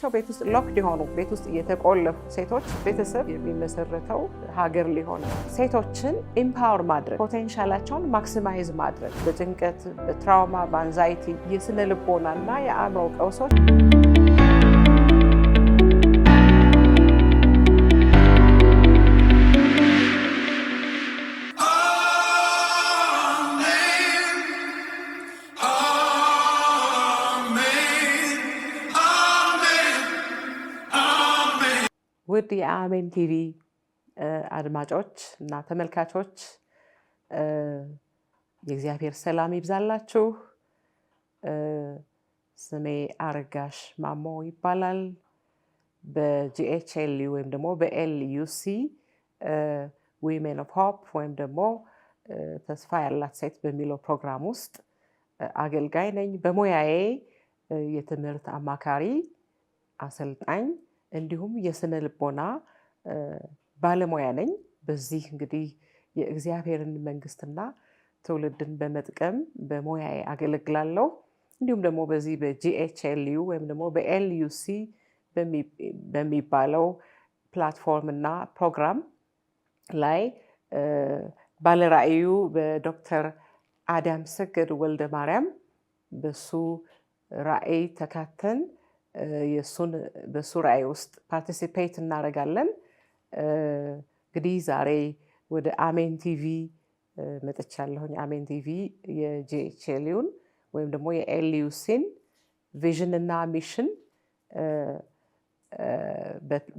ሰው ቤት ውስጥ ሎክድ የሆኑ ቤት ውስጥ እየተቆለፉ ሴቶች ቤተሰብ የሚመሰረተው ሀገር ሊሆን ሴቶችን ኢምፓወር ማድረግ ፖቴንሻላቸውን ማክሲማይዝ ማድረግ በጭንቀት፣ በትራውማ፣ በአንዛይቲ የስነ ልቦናና የአእምሮ ቀውሶች ውድ የአሜን ቲቪ አድማጮች እና ተመልካቾች የእግዚአብሔር ሰላም ይብዛላችሁ። ስሜ አርጋሽ ማሞ ይባላል። በጂኤችኤልዩ ወይም ደግሞ በኤልዩሲ ዊሜን ኦፍ ሆፕ ወይም ደግሞ ተስፋ ያላት ሴት በሚለው ፕሮግራም ውስጥ አገልጋይ ነኝ። በሙያዬ የትምህርት አማካሪ፣ አሰልጣኝ እንዲሁም የስነ ልቦና ባለሙያ ነኝ። በዚህ እንግዲህ የእግዚአብሔርን መንግስትና ትውልድን በመጥቀም በሙያ አገለግላለሁ። እንዲሁም ደግሞ በዚህ በጂኤችኤልዩ ወይም ደግሞ በኤልዩሲ በሚባለው ፕላትፎርም እና ፕሮግራም ላይ ባለራእዩ በዶክተር አዳም ሰገድ ወልደ ማርያም በሱ ራእይ ተካተን የእሱን በሱ ውስጥ ፓርቲሲፔት እናደርጋለን። እንግዲህ ዛሬ ወደ አሜን ቲቪ መጥቻለሁኝ። አሜን ቲቪ የጂኤችኤልዩን ወይም ደግሞ የኤልዩሲን ቪዥን እና ሚሽን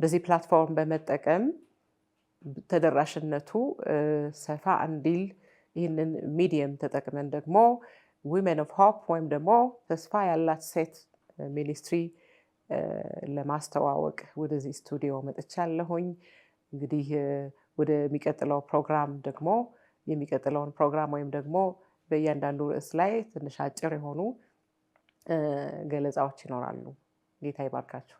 በዚህ ፕላትፎርም በመጠቀም ተደራሽነቱ ሰፋ እንዲል ይህንን ሚዲየም ተጠቅመን ደግሞ ዊሜን ኦፍ ሆፕ ወይም ደግሞ ተስፋ ያላት ሴት ሚኒስትሪ ለማስተዋወቅ ወደዚህ ስቱዲዮ መጥቻለሁኝ። እንግዲህ ወደሚቀጥለው ፕሮግራም ደግሞ የሚቀጥለውን ፕሮግራም ወይም ደግሞ በእያንዳንዱ ርዕስ ላይ ትንሽ አጭር የሆኑ ገለጻዎች ይኖራሉ። ጌታ ይባርካችሁ።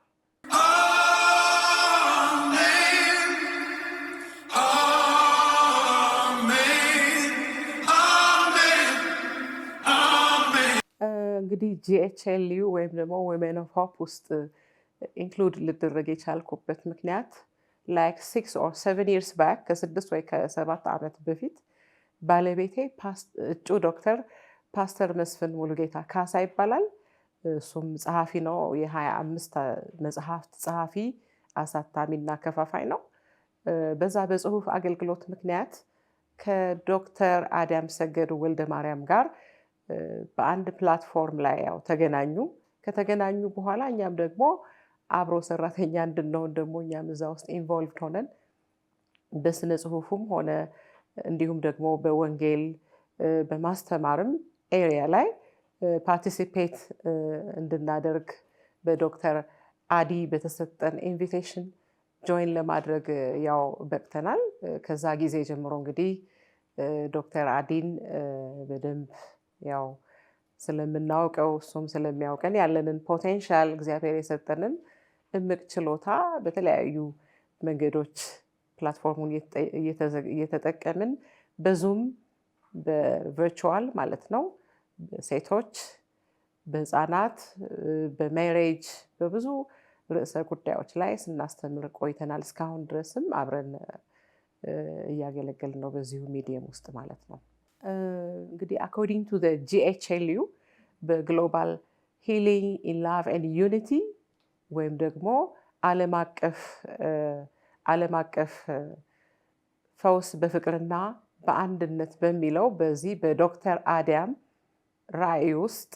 እንግዲህ ጂኤችኤልዩ ወይም ደግሞ ዊሜን ኦፍ ሆፕ ውስጥ ኢንክሉድ ልደረግ የቻልኩበት ምክንያት ላይክ ሲክስ ኦር ሰቨን ይርስ ባክ ከስድስት ወይ ከሰባት ዓመት በፊት ባለቤቴ እጩ ዶክተር ፓስተር መስፍን ሙሉጌታ ካሳ ይባላል። እሱም ጸሐፊ ነው። የሀያ አምስት መጽሐፍት ጸሐፊ አሳታሚና ከፋፋይ ነው። በዛ በጽሁፍ አገልግሎት ምክንያት ከዶክተር አዳም ሰገዱ ወልደ ማርያም ጋር በአንድ ፕላትፎርም ላይ ያው ተገናኙ። ከተገናኙ በኋላ እኛም ደግሞ አብሮ ሰራተኛ እንድንሆን ደግሞ እኛም እዛ ውስጥ ኢንቮልቭድ ሆነን በስነ ጽሁፉም ሆነ እንዲሁም ደግሞ በወንጌል በማስተማርም ኤሪያ ላይ ፓርቲሲፔት እንድናደርግ በዶክተር አዲ በተሰጠን ኢንቪቴሽን ጆይን ለማድረግ ያው በቅተናል። ከዛ ጊዜ ጀምሮ እንግዲህ ዶክተር አዲን በደንብ ያው ስለምናውቀው እሱም ስለሚያውቀን ያለንን ፖቴንሻል እግዚአብሔር የሰጠንን እምቅ ችሎታ በተለያዩ መንገዶች ፕላትፎርሙን እየተጠቀምን በዙም በቨርቹዋል ማለት ነው ሴቶች በህፃናት በሜሬጅ በብዙ ርዕሰ ጉዳዮች ላይ ስናስተምር ቆይተናል። እስካሁን ድረስም አብረን እያገለገል ነው በዚሁ ሚዲየም ውስጥ ማለት ነው። እንግዲህ አኮርዲንግ ቱ ጂኤችኤልዩ በግሎባል ሂሊንግ ኢን ላቭ ኤንድ ዩኒቲ ወይም ደግሞ ዓለም አቀፍ ፈውስ በፍቅርና በአንድነት በሚለው በዚህ በዶክተር አዲያም ራእይ ውስጥ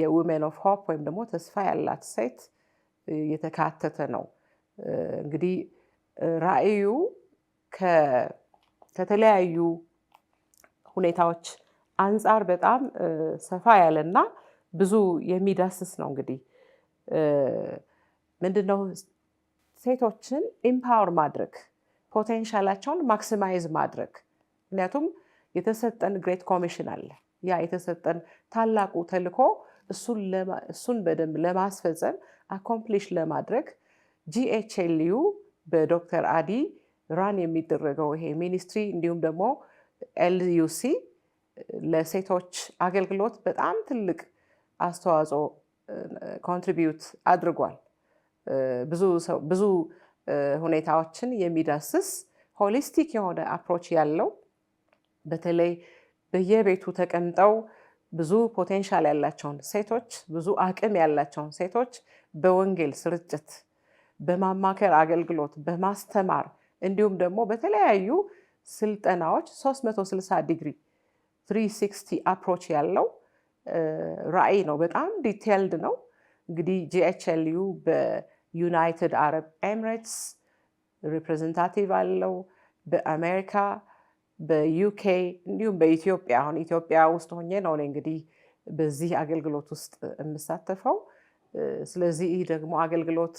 የዊሜን ኦፍ ሆፕ ወይም ደግሞ ተስፋ ያላት ሴት የተካተተ ነው። እንግዲህ ራዕዩ ከተለያዩ ሁኔታዎች አንጻር በጣም ሰፋ ያለና ብዙ የሚዳስስ ነው። እንግዲህ ምንድነው ሴቶችን ኢምፓወር ማድረግ ፖቴንሻላቸውን ማክሲማይዝ ማድረግ። ምክንያቱም የተሰጠን ግሬት ኮሚሽን አለ። ያ የተሰጠን ታላቁ ተልኮ እሱን በደንብ ለማስፈጸም አኮምፕሊሽ ለማድረግ ጂኤችኤልዩ በዶክተር አዲ ራን የሚደረገው ይሄ ሚኒስትሪ እንዲሁም ደግሞ ኤልዩሲ ለሴቶች አገልግሎት በጣም ትልቅ አስተዋጽኦ ኮንትሪቢዩት አድርጓል። ብዙ ሁኔታዎችን የሚዳስስ ሆሊስቲክ የሆነ አፕሮች ያለው በተለይ በየቤቱ ተቀምጠው ብዙ ፖቴንሻል ያላቸውን ሴቶች ብዙ አቅም ያላቸውን ሴቶች በወንጌል ስርጭት፣ በማማከር አገልግሎት፣ በማስተማር እንዲሁም ደግሞ በተለያዩ ስልጠናዎች 360 ዲግሪ 360 አፕሮች ያለው ራዕይ ነው። በጣም ዲቴልድ ነው። እንግዲህ ጂኤችኤልዩ በዩናይትድ አረብ ኤሚሬትስ ሪፕሬዘንታቲቭ አለው። በአሜሪካ፣ በዩኬ እንዲሁም በኢትዮጵያ አሁን ኢትዮጵያ ውስጥ ሆኜ ነው እንግዲህ በዚህ አገልግሎት ውስጥ የምሳተፈው። ስለዚህ ይህ ደግሞ አገልግሎት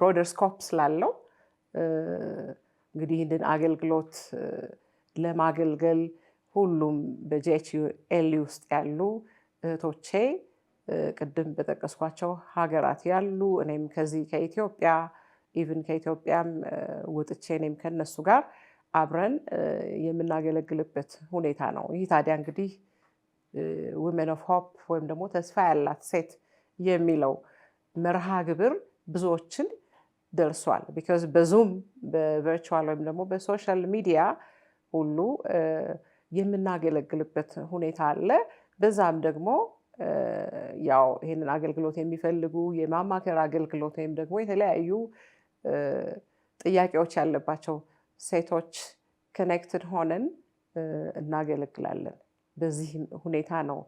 ብሮደር ስኮፕ ስላለው እንግዲህ ይህንን አገልግሎት ለማገልገል ሁሉም በጂኤችዩ ውስጥ ያሉ እህቶቼ ቅድም በጠቀስኳቸው ሀገራት ያሉ እኔም ከዚህ ከኢትዮጵያ ኢቭን ከኢትዮጵያም ውጥቼ እኔም ከነሱ ጋር አብረን የምናገለግልበት ሁኔታ ነው። ይህ ታዲያ እንግዲህ ውመን ኦፍ ሆፕ ወይም ደግሞ ተስፋ ያላት ሴት የሚለው መርሃ ግብር ብዙዎችን ደርሷል። ቢካዝ በዙም በቨርቹዋል ወይም ደግሞ በሶሻል ሚዲያ ሁሉ የምናገለግልበት ሁኔታ አለ። በዛም ደግሞ ያው ይህንን አገልግሎት የሚፈልጉ የማማከር አገልግሎት ወይም ደግሞ የተለያዩ ጥያቄዎች ያለባቸው ሴቶች ኮኔክትድ ሆነን እናገለግላለን። በዚህ ሁኔታ ነው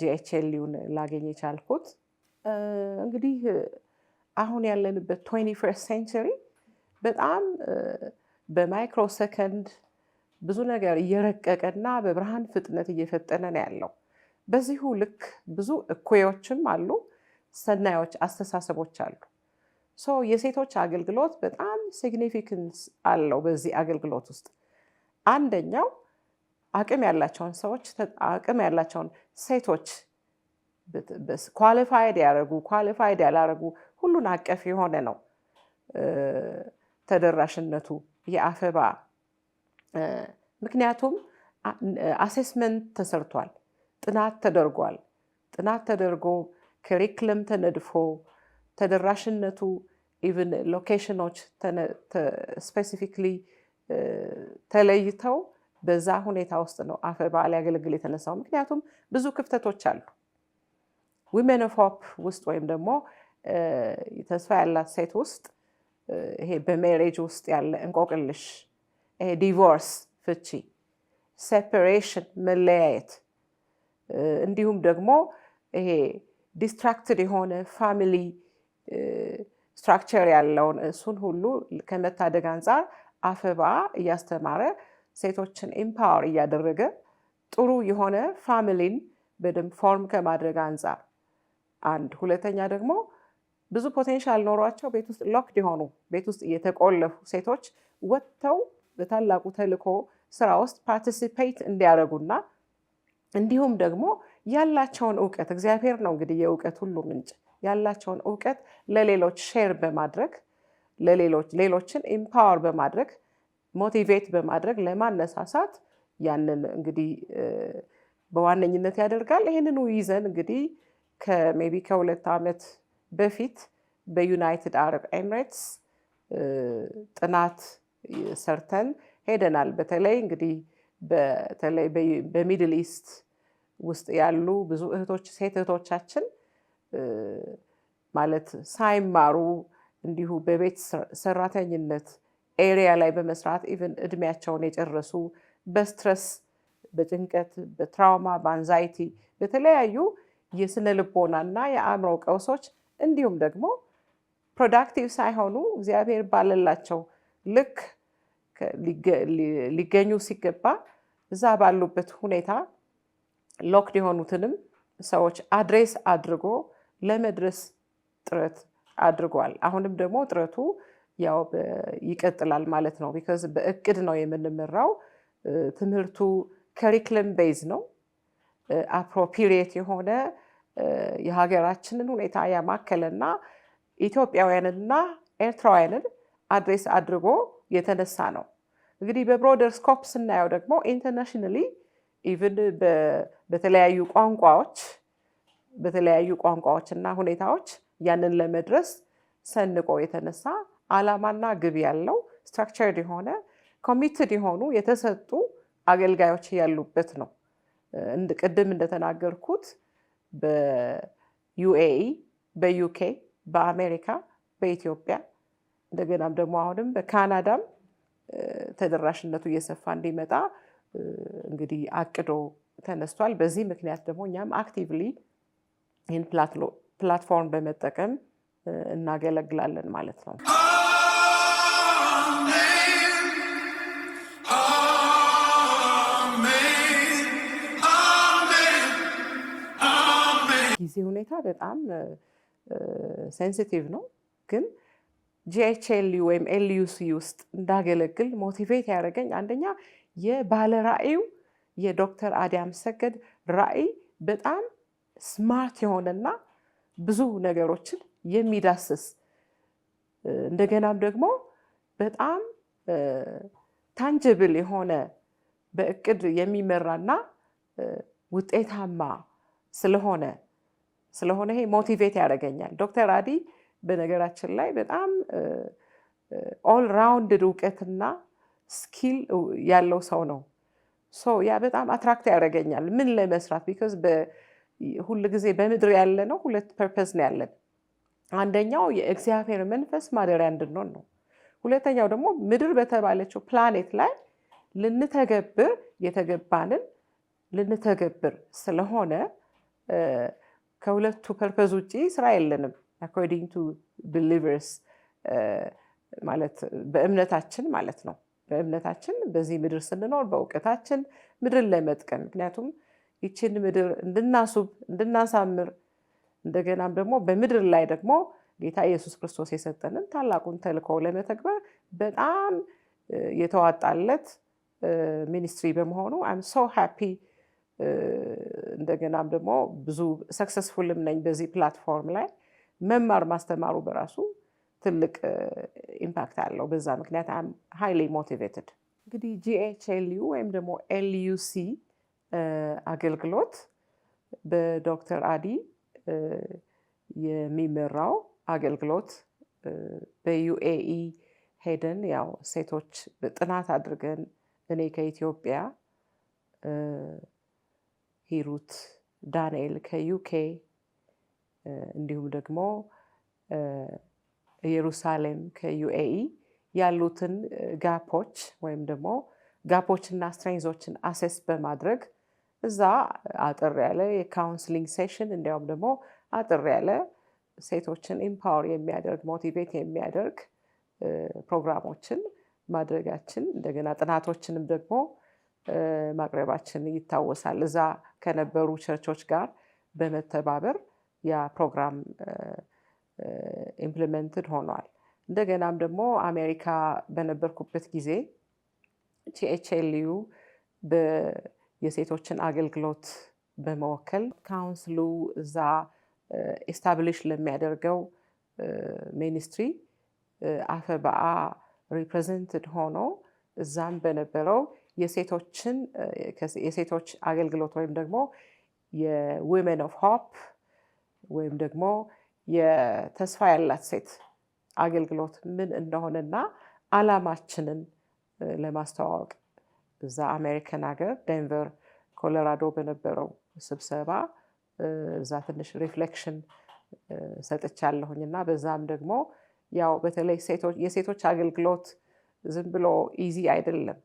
ጂኤችኤልዩን ላገኝ የቻልኩት እንግዲህ አሁን ያለንበት ትዌንቲ ፈርስት ሴንቸሪ በጣም በማይክሮ ሰከንድ ብዙ ነገር እየረቀቀ ና በብርሃን ፍጥነት እየፈጠነ ነው ያለው። በዚሁ ልክ ብዙ እኩዮችም አሉ፣ ሰናዮች አስተሳሰቦች አሉ። ሶ የሴቶች አገልግሎት በጣም ሲግኒፊካንስ አለው። በዚህ አገልግሎት ውስጥ አንደኛው አቅም ያላቸውን ሰዎች አቅም ያላቸውን ሴቶች ኳሊፋይድ ያደረጉ ኳሊፋይድ ያላረጉ ሁሉን አቀፍ የሆነ ነው ተደራሽነቱ የአፈባ ምክንያቱም አሴስመንት ተሰርቷል፣ ጥናት ተደርጓል። ጥናት ተደርጎ ከሪክለም ተነድፎ ተደራሽነቱ ኢቨን ሎኬሽኖች ስፔሲፊክሊ ተለይተው በዛ ሁኔታ ውስጥ ነው አፈባ ሊያገለግል የተነሳው። ምክንያቱም ብዙ ክፍተቶች አሉ ዊሜን ኦፍ ሆፕ ውስጥ ወይም ደግሞ ተስፋ ያላት ሴት ውስጥ ይሄ በሜሬጅ ውስጥ ያለ እንቆቅልሽ፣ ይሄ ዲቮርስ፣ ፍቺ፣ ሴፐሬሽን፣ መለያየት እንዲሁም ደግሞ ይሄ ዲስትራክትድ የሆነ ፋሚሊ ስትራክቸር ያለውን እሱን ሁሉ ከመታደግ አንጻር አፈባ እያስተማረ ሴቶችን ኤምፓወር እያደረገ ጥሩ የሆነ ፋሚሊን በደንብ ፎርም ከማድረግ አንጻር አንድ ሁለተኛ ደግሞ ብዙ ፖቴንሻል ኖሯቸው ቤት ውስጥ ሎክድ የሆኑ ቤት ውስጥ የተቆለፉ ሴቶች ወጥተው በታላቁ ተልኮ ስራ ውስጥ ፓርቲሲፔት እንዲያደርጉና እንዲሁም ደግሞ ያላቸውን እውቀት እግዚአብሔር ነው እንግዲህ የእውቀት ሁሉ ምንጭ ያላቸውን እውቀት ለሌሎች ሼር በማድረግ ለሌሎች ሌሎችን ኢምፓወር በማድረግ ሞቲቬት በማድረግ ለማነሳሳት ያንን እንግዲህ በዋነኝነት ያደርጋል። ይህንኑ ይዘን እንግዲህ ከሜቢ ከሁለት ዓመት በፊት በዩናይትድ አረብ ኤምሬትስ ጥናት ሰርተን ሄደናል። በተለይ እንግዲህ በተለይ በሚድል ኢስት ውስጥ ያሉ ብዙ እህቶች ሴት እህቶቻችን ማለት ሳይማሩ እንዲሁ በቤት ሰራተኝነት ኤሪያ ላይ በመስራት ኢቨን እድሜያቸውን የጨረሱ በስትረስ፣ በጭንቀት፣ በትራውማ፣ በአንዛይቲ በተለያዩ የስነ ልቦና እና የአእምሮ ቀውሶች እንዲሁም ደግሞ ፕሮዳክቲቭ ሳይሆኑ እግዚአብሔር ባለላቸው ልክ ሊገኙ ሲገባ እዛ ባሉበት ሁኔታ ሎክድ የሆኑትንም ሰዎች አድሬስ አድርጎ ለመድረስ ጥረት አድርጓል። አሁንም ደግሞ ጥረቱ ያው ይቀጥላል ማለት ነው። ቢካዝ በእቅድ ነው የምንመራው። ትምህርቱ ከሪክለም ቤዝ ነው። አፕሮፕሪየት የሆነ የሀገራችንን ሁኔታ ያማከለና ኢትዮጵያውያንንና ኤርትራውያንን አድሬስ አድርጎ የተነሳ ነው። እንግዲህ በብሮደር ስኮፕ ስናየው ደግሞ ኢንተርናሽናሊ ኢቭን በተለያዩ ቋንቋዎች በተለያዩ ቋንቋዎች እና ሁኔታዎች ያንን ለመድረስ ሰንቆ የተነሳ አላማና ግብ ያለው ስትራክቸርድ የሆነ ኮሚትድ የሆኑ የተሰጡ አገልጋዮች ያሉበት ነው። ቅድም እንደተናገርኩት በዩኤኢ፣ በዩኬ፣ በአሜሪካ፣ በኢትዮጵያ እንደገናም ደግሞ አሁንም በካናዳም ተደራሽነቱ እየሰፋ እንዲመጣ እንግዲህ አቅዶ ተነስቷል። በዚህ ምክንያት ደግሞ እኛም አክቲቭሊ ይህን ፕላትፎርም በመጠቀም እናገለግላለን ማለት ነው። የጊዜ ሁኔታ በጣም ሴንሲቲቭ ነው ግን ጂኤችኤልዩ ወይም ኤልዩሲ ውስጥ እንዳገለግል ሞቲቬት ያደረገኝ አንደኛ የባለ ራዕዩ የዶክተር አዲያም ሰገድ ራዕይ በጣም ስማርት የሆነና ብዙ ነገሮችን የሚዳስስ እንደገናም ደግሞ በጣም ታንጅብል የሆነ በእቅድ የሚመራና ውጤታማ ስለሆነ ስለሆነ ይሄ ሞቲቬት ያደርገኛል። ዶክተር አዲ በነገራችን ላይ በጣም ኦል ራውንድድ እውቀትና ስኪል ያለው ሰው ነው። ሶ ያ በጣም አትራክት ያደርገኛል። ምን ላይ መስራት ቢኮዝ ሁል ጊዜ በምድር ያለ ነው ሁለት ፐርፐስ ነው ያለን። አንደኛው የእግዚአብሔር መንፈስ ማደሪያ እንድንሆን ነው። ሁለተኛው ደግሞ ምድር በተባለችው ፕላኔት ላይ ልንተገብር የተገባንን ልንተገብር ስለሆነ ከሁለቱ ፐርፐዝ ውጭ ስራ የለንም። አኮርዲንግ ቱ ብሊቨርስ ማለት በእምነታችን ማለት ነው። በእምነታችን በዚህ ምድር ስንኖር በእውቀታችን ምድርን ላይ መጥቀን ምክንያቱም ይችን ምድር እንድናሱብ እንድናሳምር እንደገናም ደግሞ በምድር ላይ ደግሞ ጌታ ኢየሱስ ክርስቶስ የሰጠንን ታላቁን ተልእኮ ለመተግበር በጣም uh, የተዋጣለት ሚኒስትሪ uh, በመሆኑ አይም ሶ ሃፒ እንደገናም ደግሞ ብዙ ሰክሰስፉልም ነኝ በዚህ ፕላትፎርም ላይ መማር ማስተማሩ በራሱ ትልቅ ኢምፓክት አለው። በዛ ምክንያት አም ሃይሊ ሞቲቬትድ። እንግዲህ ጂኤች ኤልዩ ወይም ደግሞ ኤልዩሲ አገልግሎት በዶክተር አዲ የሚመራው አገልግሎት በዩኤኢ ሄደን ያው ሴቶች ጥናት አድርገን እኔ ከኢትዮጵያ ሂሩት ዳንኤል ከዩኬ እንዲሁም ደግሞ ኢየሩሳሌም ከዩኤኢ ያሉትን ጋፖች ወይም ደግሞ ጋፖችና ስትሬንዞችን አሴስ በማድረግ እዛ አጥር ያለ የካውንስሊንግ ሴሽን እንዲያውም ደግሞ አጥር ያለ ሴቶችን ኢምፓወር የሚያደርግ ሞቲቬት የሚያደርግ ፕሮግራሞችን ማድረጋችን እንደገና ጥናቶችንም ደግሞ ማቅረባችን ይታወሳል። እዛ ከነበሩ ቸርቾች ጋር በመተባበር ያ ፕሮግራም ኢምፕሊመንትድ ሆኗል። እንደገናም ደግሞ አሜሪካ በነበርኩበት ጊዜ ቲኤችኤልዩ የሴቶችን አገልግሎት በመወከል ካውንስሉ እዛ ኤስታብሊሽ ለሚያደርገው ሚኒስትሪ በአ ሪፕሬዘንትድ ሆኖ እዛም በነበረው የሴቶችን የሴቶች አገልግሎት ወይም ደግሞ የዊሜን ኦፍ ሆፕ ወይም ደግሞ የተስፋ ያላት ሴት አገልግሎት ምን እንደሆነና አላማችንን ለማስተዋወቅ እዛ አሜሪካን ሀገር ደንቨር ኮሎራዶ በነበረው ስብሰባ እዛ ትንሽ ሪፍሌክሽን ሰጥቻለሁኝ እና በዛም ደግሞ ያው በተለይ የሴቶች አገልግሎት ዝም ብሎ ኢዚ አይደለም።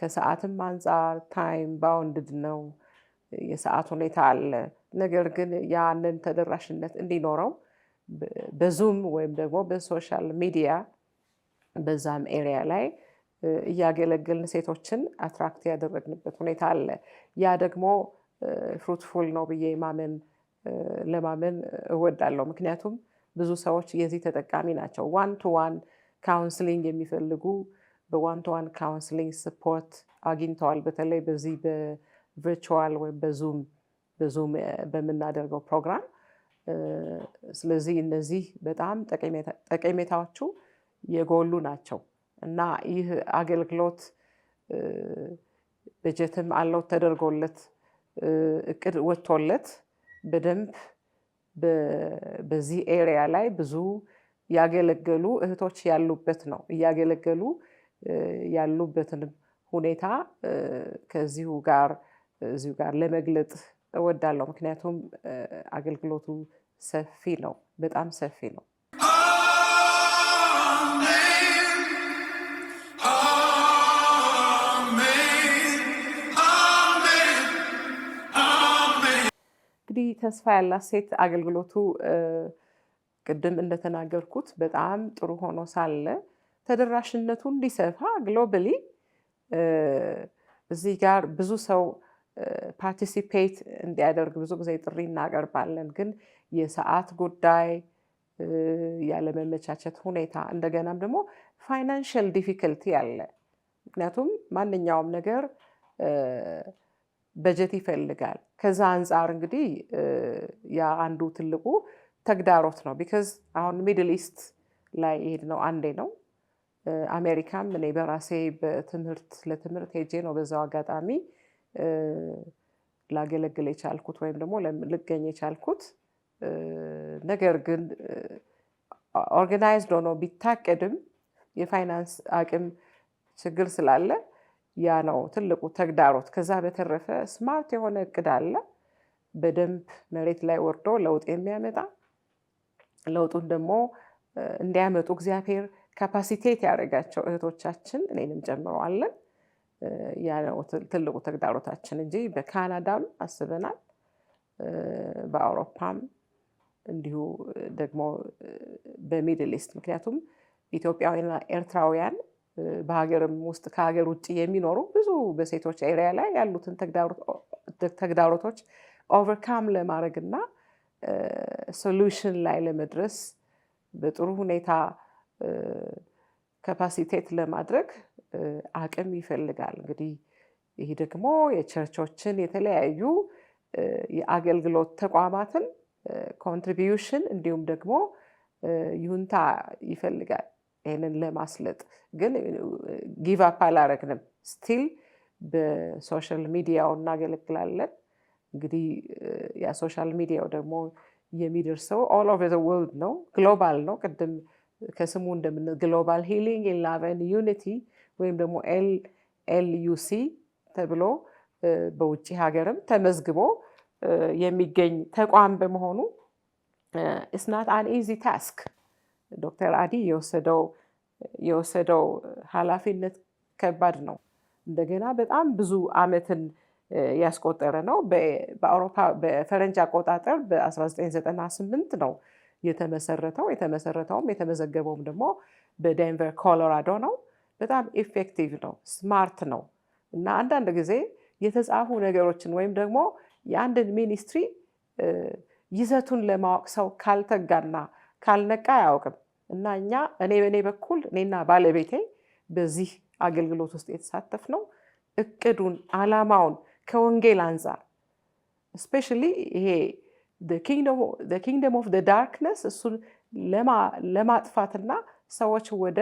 ከሰዓትም አንጻር ታይም ባውንድድ ነው፣ የሰዓት ሁኔታ አለ። ነገር ግን ያንን ተደራሽነት እንዲኖረው በዙም ወይም ደግሞ በሶሻል ሚዲያ በዛም ኤሪያ ላይ እያገለገልን ሴቶችን አትራክት ያደረግንበት ሁኔታ አለ። ያ ደግሞ ፍሩትፉል ነው ብዬ ማመን ለማመን እወዳለሁ። ምክንያቱም ብዙ ሰዎች የዚህ ተጠቃሚ ናቸው። ዋን ቱ ዋን ካውንስሊንግ የሚፈልጉ በዋን ቱ ዋን ካውንስሊንግ ስፖርት አግኝተዋል። በተለይ በዚህ በቨርቹዋል ወይም በዙም በዙም በምናደርገው ፕሮግራም። ስለዚህ እነዚህ በጣም ጠቀሜታዎቹ የጎሉ ናቸው እና ይህ አገልግሎት በጀትም አለው ተደርጎለት እቅድ ወጥቶለት በደንብ በዚህ ኤሪያ ላይ ብዙ ያገለገሉ እህቶች ያሉበት ነው እያገለገሉ ያሉበትንም ሁኔታ ከዚሁ ጋር እዚሁ ጋር ለመግለጥ እወዳለሁ። ምክንያቱም አገልግሎቱ ሰፊ ነው፣ በጣም ሰፊ ነው። እንግዲህ ተስፋ ያላት ሴት አገልግሎቱ ቅድም እንደተናገርኩት በጣም ጥሩ ሆኖ ሳለ ተደራሽነቱ እንዲሰፋ ግሎባሊ እዚህ ጋር ብዙ ሰው ፓርቲሲፔት እንዲያደርግ ብዙ ጊዜ ጥሪ እናቀርባለን። ግን የሰዓት ጉዳይ፣ ያለመመቻቸት ሁኔታ እንደገናም ደግሞ ፋይናንሽል ዲፊክልቲ አለ። ምክንያቱም ማንኛውም ነገር በጀት ይፈልጋል። ከዛ አንጻር እንግዲህ ያ አንዱ ትልቁ ተግዳሮት ነው። ቢካዝ አሁን ሚድል ኢስት ላይ የሄድነው አንዴ ነው አሜሪካም እኔ በራሴ በትምህርት ለትምህርት ሄጄ ነው በዛው አጋጣሚ ላገለግል የቻልኩት ወይም ደግሞ ልገኝ የቻልኩት። ነገር ግን ኦርጋናይዝድ ሆኖ ቢታቀድም የፋይናንስ አቅም ችግር ስላለ ያ ነው ትልቁ ተግዳሮት። ከዛ በተረፈ ስማርት የሆነ እቅድ አለ፣ በደንብ መሬት ላይ ወርዶ ለውጥ የሚያመጣ ለውጡን ደግሞ እንዲያመጡ እግዚአብሔር ካፓሲቴት ያደረጋቸው እህቶቻችን እኔንም ጨምረዋለን። ያ ነው ትልቁ ተግዳሮታችን እንጂ በካናዳም አስበናል፣ በአውሮፓም እንዲሁ ደግሞ በሚድል ኢስት ምክንያቱም ኢትዮጵያውያንና ኤርትራውያን በሀገርም ውስጥ ከሀገር ውጭ የሚኖሩ ብዙ በሴቶች ኤሪያ ላይ ያሉትን ተግዳሮቶች ኦቨርካም ለማድረግ እና ሶሉሽን ላይ ለመድረስ በጥሩ ሁኔታ ካፓሲቴት ለማድረግ አቅም ይፈልጋል። እንግዲህ ይህ ደግሞ የቸርቾችን የተለያዩ የአገልግሎት ተቋማትን ኮንትሪቢዩሽን እንዲሁም ደግሞ ይሁንታ ይፈልጋል። ይህንን ለማስለጥ ግን ጊቭ አፕ አላረግንም። ስቲል በሶሻል ሚዲያው እናገለግላለን። እንግዲህ ያ ሶሻል ሚዲያው ደግሞ የሚደርሰው ኦል ኦቨር ዘ ወርልድ ነው፣ ግሎባል ነው። ቅድም ከስሙ እንደምን ግሎባል ሂሊንግ ኢን ላቭ ኤንድ ዩኒቲ ወይም ደግሞ ኤልዩሲ ተብሎ በውጭ ሀገርም ተመዝግቦ የሚገኝ ተቋም በመሆኑ ኢስናት አን ኢዚ ታስክ ዶክተር አዲ የወሰደው የወሰደው ኃላፊነት ከባድ ነው። እንደገና በጣም ብዙ ዓመትን ያስቆጠረ ነው። በአውሮፓ በፈረንጅ አቆጣጠር በ1998 ነው የተመሰረተው። የተመሰረተውም የተመዘገበውም ደግሞ በደንቨር ኮሎራዶ ነው። በጣም ኢፌክቲቭ ነው፣ ስማርት ነው እና አንዳንድ ጊዜ የተጻፉ ነገሮችን ወይም ደግሞ የአንድን ሚኒስትሪ ይዘቱን ለማወቅ ሰው ካልተጋና ካልነቃ አያውቅም እና እኛ እኔ በእኔ በኩል እኔና ባለቤቴ በዚህ አገልግሎት ውስጥ የተሳተፍ ነው። እቅዱን አላማውን ከወንጌል አንጻር ስፔሻሊ ይሄ ኪንግደም ኦፍ ዳርክነስ እሱን ለማጥፋትና ሰዎች ወደ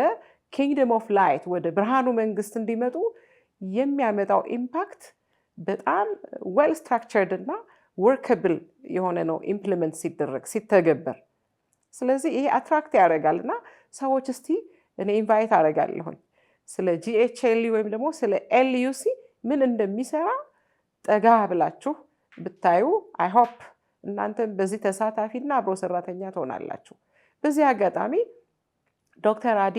ኪንግደም ኦፍ ላይት ወደ ብርሃኑ መንግስት እንዲመጡ የሚያመጣው ኢምፓክት በጣም ዌል ስትራክቸርድ እና ወርከብል የሆነ ነው ኢምፕሊመንት ሲደረግ ሲተገበር። ስለዚህ ይሄ አትራክት ያደርጋል እና ሰዎች እስቲ እኔ ኢንቫይት አደርጋለሁኝ ስለ ጂኤችኤልዩ ወይም ደግሞ ስለ ኤልዩሲ ምን እንደሚሰራ ጠጋ ብላችሁ ብታዩ አይሆፕ እናንተም በዚህ ተሳታፊና አብሮ ሰራተኛ ትሆናላችሁ። በዚህ አጋጣሚ ዶክተር አዲ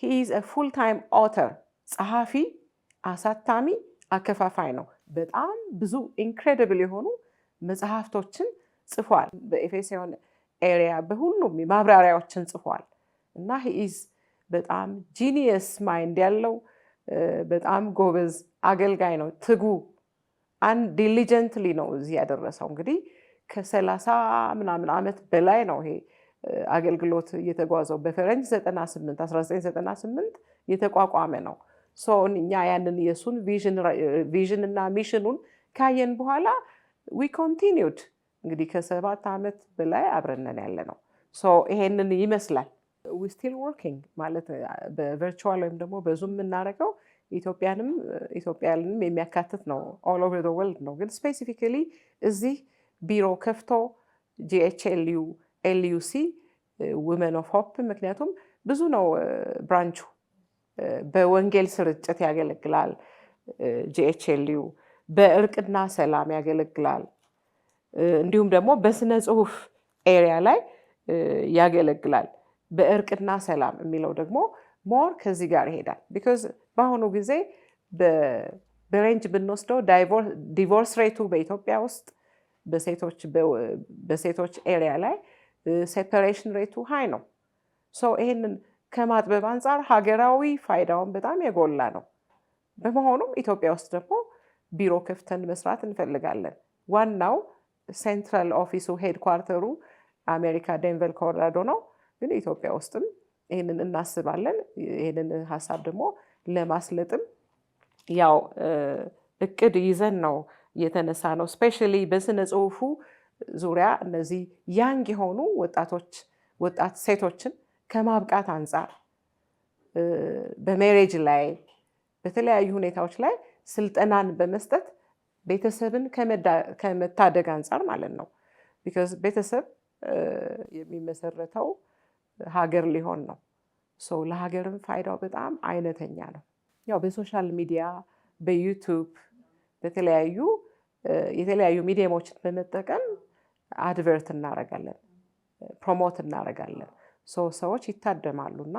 ሂ ኢዝ ፉል ታይም ኦተር ጸሐፊ፣ አሳታሚ፣ አከፋፋይ ነው። በጣም ብዙ ኢንክሬዲብል የሆኑ መጽሐፍቶችን ጽፏል። በኤፌሲዮን ኤሪያ በሁሉም ማብራሪያዎችን ጽፏል እና ሂ ኢዝ በጣም ጂኒየስ ማይንድ ያለው በጣም ጎበዝ አገልጋይ ነው። ትጉ አንድ ዲሊጀንትሊ ነው እዚህ ያደረሰው እንግዲህ ከሰላሳ ምናምን ዓመት በላይ ነው ይሄ አገልግሎት እየተጓዘው በፈረንጅ 98 1998 የተቋቋመ ነው። እኛ ያንን የእሱን ቪዥን እና ሚሽኑን ካየን በኋላ ዊ ኮንቲኒውድ እንግዲህ ከሰባት ዓመት በላይ አብረነን ያለ ነው። ይሄንን ይመስላል። ዊ ስቲል ወርኪንግ ማለት በቨርቹዋል ወይም ደግሞ በዙም የምናደርገው ኢትዮጵያንም ኢትዮጵያንም የሚያካትት ነው። ኦል ኦቨር ዘ ወርልድ ነው ግን ስፔሲፊካሊ እዚህ ቢሮ ከፍቶ ጂኤችኤልዩ ኤልዩሲ ውመን ኦፍ ሆፕ ምክንያቱም ብዙ ነው ብራንቹ በወንጌል ስርጭት ያገለግላል። ጂኤችኤልዩ በእርቅና ሰላም ያገለግላል። እንዲሁም ደግሞ በስነ ጽሁፍ ኤሪያ ላይ ያገለግላል። በእርቅና ሰላም የሚለው ደግሞ ሞር ከዚህ ጋር ይሄዳል። ቢካዝ በአሁኑ ጊዜ በሬንጅ ብንወስደው ዲቮርስ ሬቱ በኢትዮጵያ ውስጥ በሴቶች ኤሪያ ላይ ሴፐሬሽን ሬቱ ሀይ ነው። ሰው ይህንን ከማጥበብ አንጻር ሀገራዊ ፋይዳውን በጣም የጎላ ነው። በመሆኑም ኢትዮጵያ ውስጥ ደግሞ ቢሮ ከፍተን መስራት እንፈልጋለን። ዋናው ሴንትራል ኦፊሱ ሄድኳርተሩ አሜሪካ ዴንቨር ኮሎራዶ ነው፣ ግን ኢትዮጵያ ውስጥም ይህንን እናስባለን። ይህንን ሀሳብ ደግሞ ለማስለጥም ያው እቅድ ይዘን ነው እየተነሳ ነው። ስፔሻሊ በስነ ጽሁፉ ዙሪያ እነዚህ ያንግ የሆኑ ወጣቶች ወጣት ሴቶችን ከማብቃት አንጻር በሜሬጅ ላይ በተለያዩ ሁኔታዎች ላይ ስልጠናን በመስጠት ቤተሰብን ከመታደግ አንጻር ማለት ነው። ቢካዝ ቤተሰብ የሚመሰረተው ሀገር ሊሆን ነው። ሰው ለሀገርም ፋይዳው በጣም አይነተኛ ነው። ያው በሶሻል ሚዲያ በዩቱብ በተለያዩ የተለያዩ ሚዲየሞችን በመጠቀም አድቨርት እናረጋለን፣ ፕሮሞት እናረጋለን። ሰዎች ይታደማሉ እና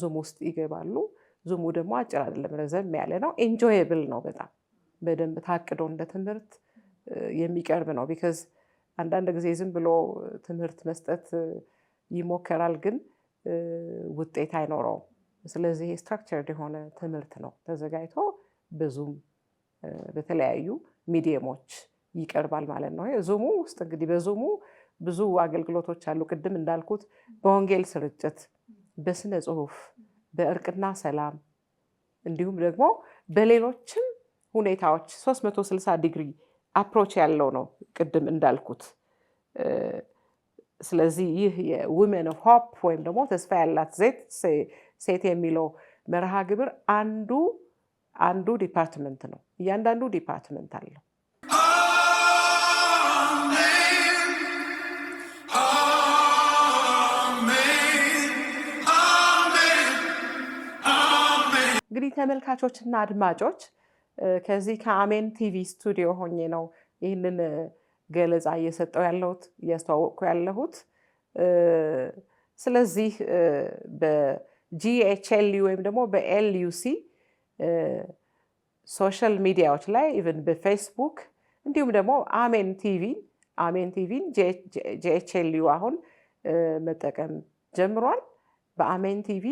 ዙም ውስጥ ይገባሉ። ዙሙ ደግሞ አጭር አይደለም፣ ረዘም ያለ ነው። ኤንጆየብል ነው። በጣም በደንብ ታቅዶ እንደ ትምህርት የሚቀርብ ነው። ቢካዝ አንዳንድ ጊዜ ዝም ብሎ ትምህርት መስጠት ይሞከራል፣ ግን ውጤት አይኖረውም። ስለዚህ ስትራክቸርድ የሆነ ትምህርት ነው ተዘጋጅቶ በዙም በተለያዩ ሚዲየሞች ይቀርባል ማለት ነው። ዙሙ ውስጥ እንግዲህ በዙሙ ብዙ አገልግሎቶች አሉ። ቅድም እንዳልኩት በወንጌል ስርጭት፣ በስነ ጽሁፍ፣ በእርቅና ሰላም እንዲሁም ደግሞ በሌሎችም ሁኔታዎች 360 ዲግሪ አፕሮች ያለው ነው ቅድም እንዳልኩት። ስለዚህ ይህ የውመን ኦፍ ሆፕ ወይም ደግሞ ተስፋ ያላት ሴት የሚለው መርሃ ግብር አንዱ አንዱ ዲፓርትመንት ነው። እያንዳንዱ ዲፓርትመንት አለው። እንግዲህ ተመልካቾችና አድማጮች ከዚህ ከአሜን ቲቪ ስቱዲዮ ሆኜ ነው ይህንን ገለጻ እየሰጠው ያለሁት እያስተዋወቅኩ ያለሁት። ስለዚህ በጂኤችኤልዩ ወይም ደግሞ በኤልዩሲ ሶሻል ሚዲያዎች ላይ ኢቨን በፌስቡክ እንዲሁም ደግሞ አሜን ቲቪን አሜን ቲቪን ጂኤችኤልዩ አሁን መጠቀም ጀምሯል። በአሜን ቲቪ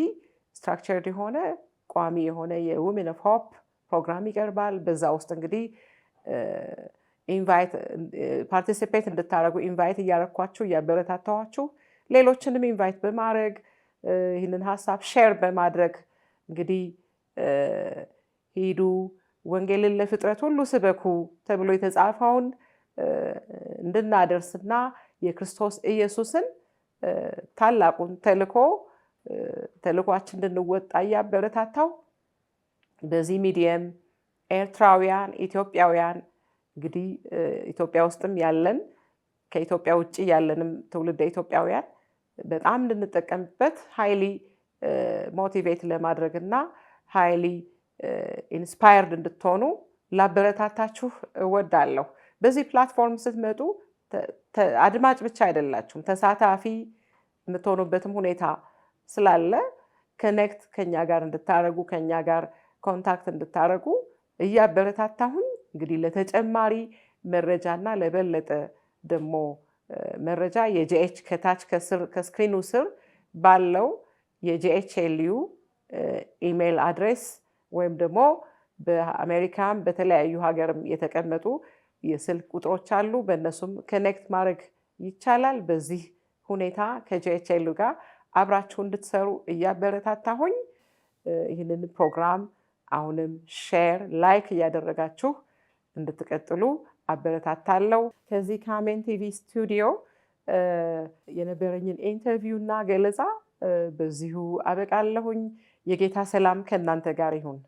ስትራክቸርድ የሆነ ቋሚ የሆነ የውሜን ኦፍ ሆፕ ፕሮግራም ይቀርባል። በዛ ውስጥ እንግዲህ ፓርቲሲፔት እንድታደረጉ ኢንቫይት እያረኳችሁ እያበረታታኋችሁ ሌሎችንም ኢንቫይት በማድረግ ይህንን ሀሳብ ሼር በማድረግ እንግዲህ ሂዱ ወንጌልን ለፍጥረት ሁሉ ስበኩ ተብሎ የተጻፈውን እንድናደርስና የክርስቶስ ኢየሱስን ታላቁን ተልኮ ተልኳችን እንድንወጣ እያበረታታው በዚህ ሚዲየም ኤርትራውያን፣ ኢትዮጵያውያን እንግዲህ ኢትዮጵያ ውስጥም ያለን ከኢትዮጵያ ውጭ ያለንም ትውልደ ኢትዮጵያውያን በጣም እንድንጠቀምበት ሀይሊ ሞቲቬት ለማድረግ እና ሃይሊ ኢንስፓየርድ uh, እንድትሆኑ ላበረታታችሁ እወዳለሁ። በዚህ ፕላትፎርም ስትመጡ አድማጭ ብቻ አይደላችሁም፣ ተሳታፊ የምትሆኑበትም ሁኔታ ስላለ ከኔክት ከኛ ጋር እንድታረጉ ከኛ ጋር ኮንታክት እንድታረጉ እያበረታታሁኝ እንግዲህ ለተጨማሪ መረጃና ለበለጠ ደግሞ መረጃ የጂኤች ከታች ከስር ከስክሪኑ ስር ባለው የጂኤችኤልዩ ኢሜይል አድሬስ ወይም ደግሞ በአሜሪካም በተለያዩ ሀገርም የተቀመጡ የስልክ ቁጥሮች አሉ። በእነሱም ከኔክት ማድረግ ይቻላል። በዚህ ሁኔታ ከጂኤችኤሉ ጋር አብራችሁ እንድትሰሩ እያበረታታሁኝ ይህንን ፕሮግራም አሁንም ሼር፣ ላይክ እያደረጋችሁ እንድትቀጥሉ አበረታታለሁ። ከዚህ ከአሜን ቲቪ ስቱዲዮ የነበረኝን ኢንተርቪው እና ገለጻ በዚሁ አበቃለሁኝ። የጌታ ሰላም ከእናንተ ጋር ይሁን።